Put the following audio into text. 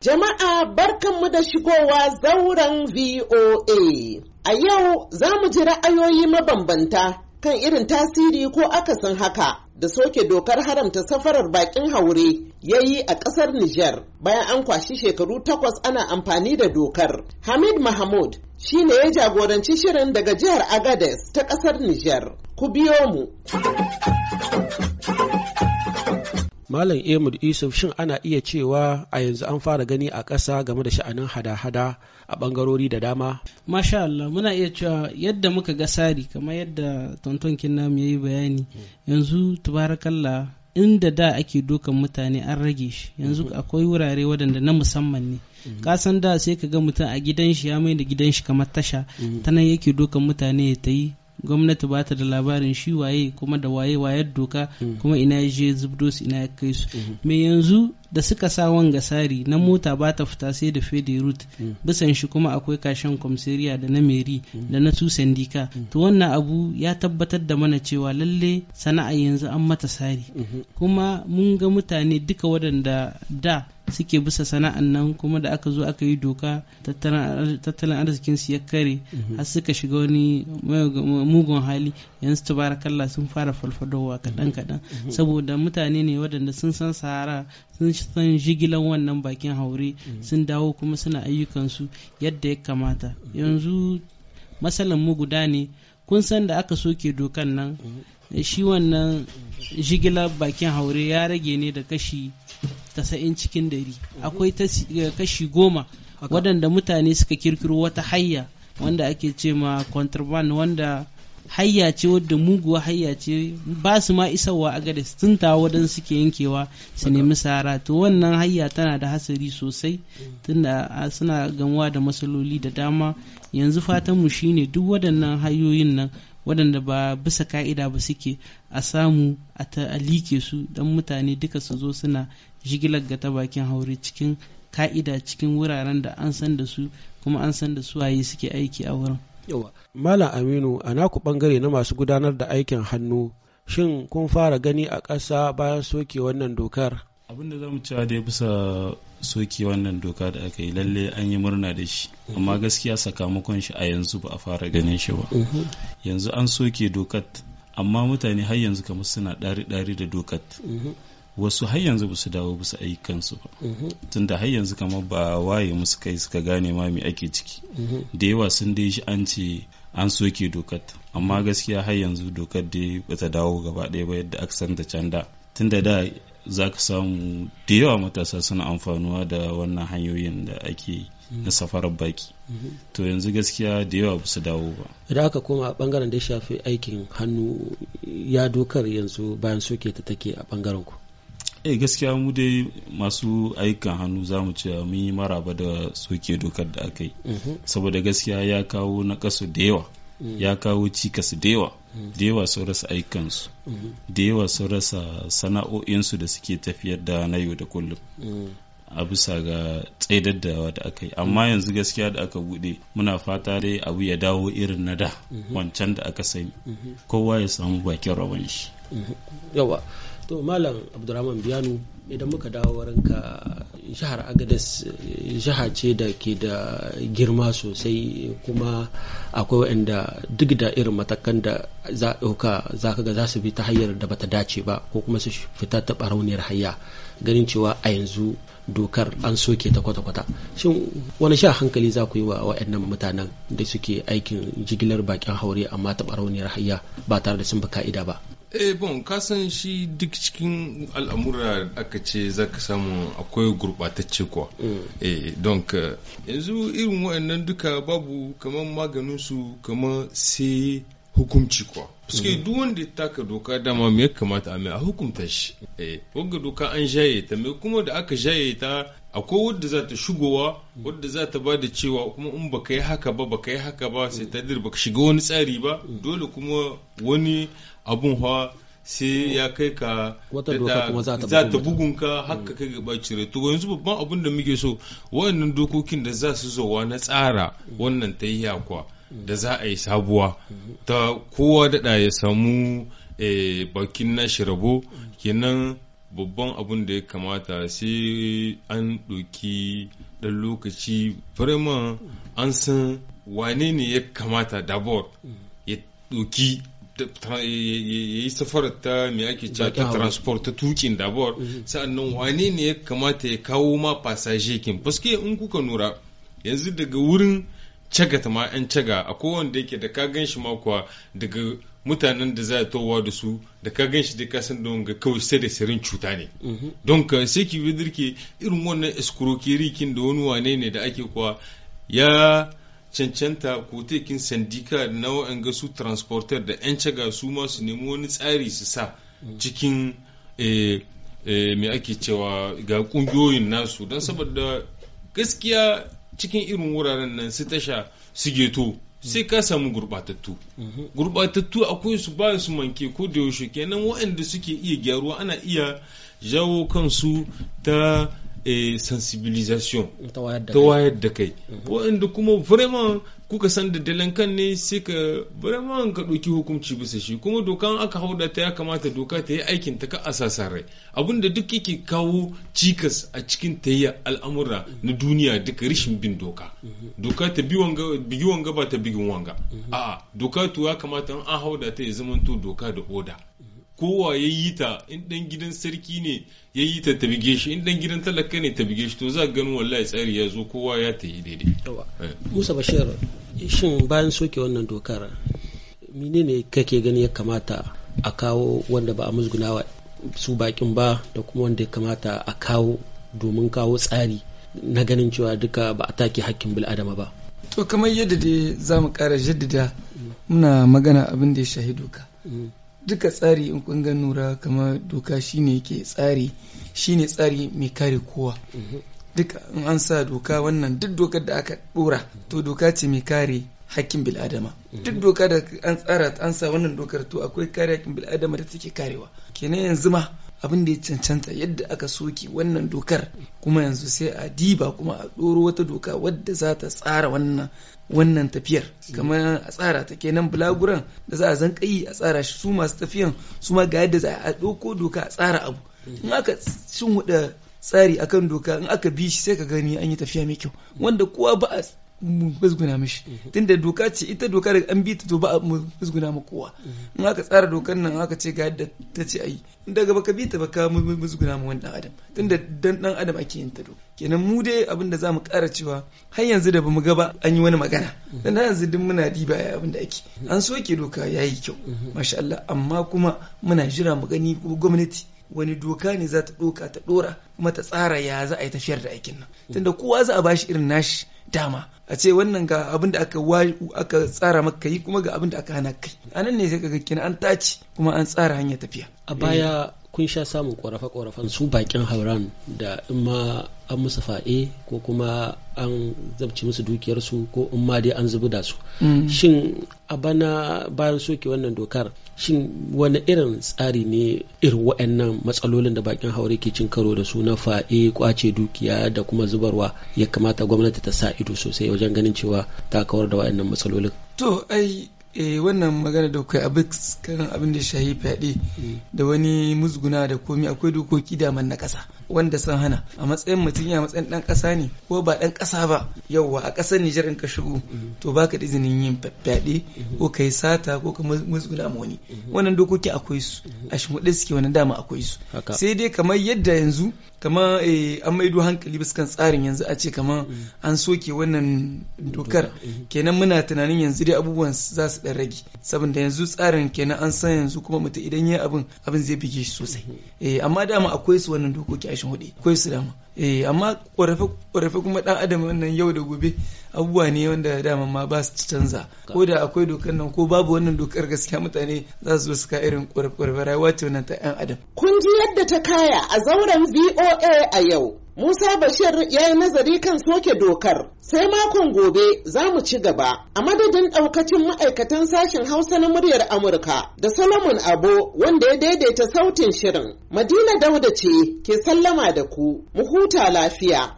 Jama'a barkanmu da shigowa zauren VOA. A yau za mu ji ra'ayoyi mabambanta kan irin tasiri ko akasin haka da soke dokar haramta safarar bakin haure ya yi a ƙasar Nijar bayan an kwashi shekaru takwas ana amfani da dokar. Hamid Mahmud shi ne ya jagoranci shirin daga jihar Agades ta ƙasar Nijar. Ku biyo mu. Malam Emir Yusuf shin ana iya cewa a yanzu an fara gani a ƙasa game da sha'anin hada-hada a bangarori da dama? Masha Allah muna iya cewa yadda muka ga sari kamar yadda tonton Kinnam ya yi bayani yanzu tubarakallah inda da ake dokan mutane an rage shi yanzu mhm. akwai wurare waɗanda na musamman ne mhm. kasan da sai ka ga mutum a gidan shi ya mai da gidan shi kamar tasha mhm. ta yake dokan mutane ya ta yi gwamnati ba ta da labarin shi waye kuma da waye wayar doka hmm. kuma ina je zubdo su ina kai su hmm. me yanzu da suka sa wanga sari na mota ba ta fita sai da fede root hmm. bisan shi kuma akwai kashen kwamseriya da na meri da na su sandika to wannan abu ya tabbatar da mana cewa lalle sana'a yanzu an mata sari kuma mun ga mutane duka waɗanda da suke bisa sana'an nan kuma da aka zo aka yi doka tattalin arzikin su ya kare mhm. har suka shiga wani mugun hali yanzu tabarakallah sun fara falfadowa kaɗan kaɗan mhm. Mhm. saboda mutane ne waɗanda sun san sahara sun san jigilan wannan bakin haure sun dawo kuma suna ayyukan su yadda ya kamata yanzu matsalan mu guda ne kun san da aka soke dokan nan shi wannan jigilar bakin haure ya rage ne da kashi tasa'in cikin dari mhm. akwai eh, kashi goma waɗanda mutane suka kirkiro wata hayya wanda mhm. ake ce ma contraband wanda hayya ce wadda muguwa hayya ce ba su ma isarwa a gada sun tawo don suke yankewa su nemi sara to wannan hayya tana da hasari sosai mhm. tunda suna gamuwa da matsaloli da dama yanzu fatanmu shine duk waɗannan hayoyin nan waɗanda ba bisa ka'ida ba suke a samu a ta'alike su don mutane duka su zo suna jigilar ga ta bakin haure cikin ka'ida cikin wuraren da an san da su kuma an san da su waye suke aiki a wurin. Yawa. Malam Aminu a naku bangare na masu gudanar da aikin hannu shin kun fara gani a ƙasa bayan soke wannan dokar? Abin da za mu cewa dai bisa soke wannan doka da aka yi lalle an yi murna da shi amma gaskiya sakamakon shi a yanzu ba a fara ganin shi ba yanzu an soke dokat amma mutane har yanzu kamar suna ɗari-ɗari da dokat wasu har yanzu ba su dawo bisa ayyukansu ba tunda har yanzu kamar ba waye musu kai suka gane ma me ake ciki da yawa sun dai shi an ce an soke dokat amma gaskiya har yanzu dokar dai bata dawo gaba ɗaya ba yadda aka san da canda tunda da za ka samu da yawa matasa suna amfanuwa da wannan hanyoyin da ake na safarar baki to yanzu gaskiya da yawa su dawo ba idan aka koma a bangaren da ya shafi aikin hannu ya dokar yanzu bayan soke ta take a bangaren ku eh gaskiya mu dai masu aikan hannu za mu cewa mun yi maraba da soke dokar da aka yi mhm. saboda gaskiya ya kawo na kaso da yawa Mm. ya kawo cikas da yawa mm. da yawa sun rasa aikansu mm. da yawa sun rasa sana'o'insu da suke tafiyar da na yau da kullum a bisa ga tsaidaddawa da aka yi amma yanzu gaskiya da aka bude muna fata dai abu ya dawo irin na da mm-hmm. wancan da aka sani mm-hmm. kowa ya samu bakin rabon shi mm-hmm. to malam abdurrahman biyanu idan muka dawo ka jihar agadas jiha ce da ke da girma sosai kuma akwai waɗanda duk da irin matakan da za a ɗauka za ka ga za su bi ta hanyar da bata dace ba ko kuma su fita ta barauniyar haya ganin cewa a yanzu dokar an soke ta kwata-kwata shin wani sha hankali za ku yi wa waɗannan mutanen da suke aikin jigilar bakin haure amma ta barauniyar hayya ba tare da sun bi ka'ida ba eh bon kasan shi duk cikin al'amura aka ce za ka samu akwai gurɓatacce kuwa mm. eh don yanzu irin waɗannan duka babu kamar maganin su kamar sai hukunci kuwa suke duk wanda ya taka doka dama me ya kamata a mai a hukunta shi eh wanga doka an jaye ta me kuma da aka jaye ta akwai wadda za ta shigowa wadda za ta da cewa kuma in baka yi haka ba baka yi haka ba sai ta dir baka shiga wani tsari ba dole kuma wani abun hawa sai ya kai ka za ta bugunka haka kai gaba cire to yanzu babban abun da muke so waɗannan dokokin da za su zowa na tsara wannan ta yi yakwa da za a yi sabuwa ta kowa daɗa ya samu eh, bakin na shirabo kenan babban abun da ya kamata sai an ɗauki ɗan lokaci firman an san wane ne ya kamata dabor ya ɗauki ya yi safarar ta mai ake cewa ta transport ta tukin dabor mm-hmm. sa'annan wane ne ya kamata ya kawo ma fasashe kin in kuka nura yanzu daga wurin caga ta ma 'yan caga a kowanne da yake da ka gan shi makuwa daga mutanen da za a towa da su da ka gan shi da ka san don ga kawai sai da sirin cuta ne mhm. don ka sai ki dirke irin wannan rikin da wani wane ne da ake kuwa ya cancanta ko tekin sandika na wa'anga su transporter da 'yan caga su ma su nemi wani tsari su sa mhm. cikin eh, eh, me ake cewa ga kungiyoyin nasu don saboda gaskiya cikin irin wuraren nan su tasha su geto sai ka samu gurbatattu mhm. gurbatattu akwai su ba su manke ko da yaushe kenan waɗanda suke iya gyaruwa ana iya jawo kansu ta eh, sensibilisation ta wayar da kai mhm. waɗanda kuma vraiment kuka san da kan ne sai ka vraiment ka ɗauki hukunci bisa shi kuma dokan aka hauda ta ya kamata doka ta yi aikin ta ka asasa rai abinda duk yake kawo cikas a cikin ta yi al'amura na duniya duka rishin bin doka doka ta bigi wanga ba ta bigin wanga a'a doka tuwa ya kamata an hauda ta ya zamanto doka da oda kowa ya yi ta in dan gidan sarki ne ya yi ta tabige shi in dan gidan talaka ne tabige shi to za ka gani wallahi tsari ya zo kowa ya ta yi daidai eh. musa bashir shin bayan soke wannan dokar ne kake gani ya kamata a kawo wanda ba a musgunawa su bakin ba da kuma wanda ya kamata a kawo domin kawo tsari na ganin cewa duka ba a take hakkin adama ba to kamar yadda dai za mu kara jaddada muna magana abin da ya shahi doka mm. duka tsari in kun ga nura kamar doka shine yake tsari shine tsari mai kare kowa mhm. duka in an sa doka wannan duk dokar da aka dora to doka ce mai kare hakkin bil'adama mhm. duk doka da an tsara an sa wannan dokar to akwai kare hakkin bil'adama da take karewa kenan yanzu ma abin da ya cancanta yadda aka soke wannan dokar kuma yanzu sai a diba kuma a ɗoro wata doka wadda za ta tsara wannan tafiyar kamar a tsara ta kenan bulaguran da za a zan a tsara shi su masu tafiyan su ma ga yadda za a ɗauko doka a tsara abu in aka shin tsari akan doka in aka bi shi sai ka gani an yi tafiya mai kyau wanda kowa ba a mu musguna mishi mhm. tunda doka ce ita doka daga an bi to ba mu musguna ma kowa mhm. in aka tsara dokar nan aka ce ga yadda ta ce ayi in daga baka bi ta baka musguna ma wani dan adam tunda dan dan adam ake yin ta doka kenan mu dai abinda da za mu kara cewa har yanzu da bamu ga ba an yi wani magana mhm. dan yanzu duk muna diba ya abin ake an soke doka yayi kyau masha Allah amma kuma muna jira mu gani ko gwamnati wani doka ne za ta doka ta dora kuma ta tsara ya za a yi tafiyar da aikin nan tunda kowa za a bashi irin nashi dama a ce wannan ga abin da aka aka tsara maka yi kuma ga abin da aka hana kai anan ne sai ga kina an tace kuma an tsara hanya tafiya a baya eh. kun sha samun ƙorafe-ƙorafen su bakin hauran da in ma an musu fa'e ko kuma an zabci musu dukiyarsu ko in ma dai an zubi da su mm. shin a bana bayan soke wannan dokar shin wani irin tsari ne irin wa'annan matsalolin da bakin haure ke cin karo da su na fa'e kwace dukiya da kuma zubarwa ya kamata gwamnati ta sa ido sosai wajen ganin cewa ta kawar da wa'annan matsalolin to ai eh wannan magana da kai abin kan abin da shahi fyaɗe mm. da wani musguna da komi akwai dokoki da man na ƙasa wanda san hana a matsayin mutum ya matsayin ɗan ƙasa ne ko ba dan kasa ba yauwa a kasar Nijar in ka shigo mm. to baka da izinin yin fyaɗe mm-hmm. ko kai sata ko ka musguna ma wani mm-hmm. wannan dokoki akwai su mm-hmm. a shimfiɗe suke wannan dama akwai su sai dai kamar yadda yanzu kamar eh, an maido hankali bisa kan tsarin yanzu a ce kamar mm. an soke wannan dokar kenan muna tunanin yanzu dai abubuwan za su dan rage saboda yanzu tsarin kenan an san yanzu kuma mutum idan ya abin abin zai bige shi sosai eh amma dama akwai su wannan dokoki a shin hudu akwai su dama eh amma ƙorafe ƙorafe kuma dan adam wannan yau da gobe abubuwa ne wanda dama ma ba su canza ko da akwai dokar nan ko babu wannan dokar gaskiya mutane za su su ka irin ƙorafe ƙorafe rayuwa ce wannan ta yan adam kun ji yadda ta kaya a zauren VOA a yau Musa Bashir ya yi nazari kan soke dokar. Sai makon gobe za mu ci gaba. A madadin ɗaukacin ma'aikatan sashen Hausa na muryar Amurka da Solomon Abo wanda ya daidaita sautin shirin. Madina Dauda ce ke sallama da ku. Mu huta lafiya.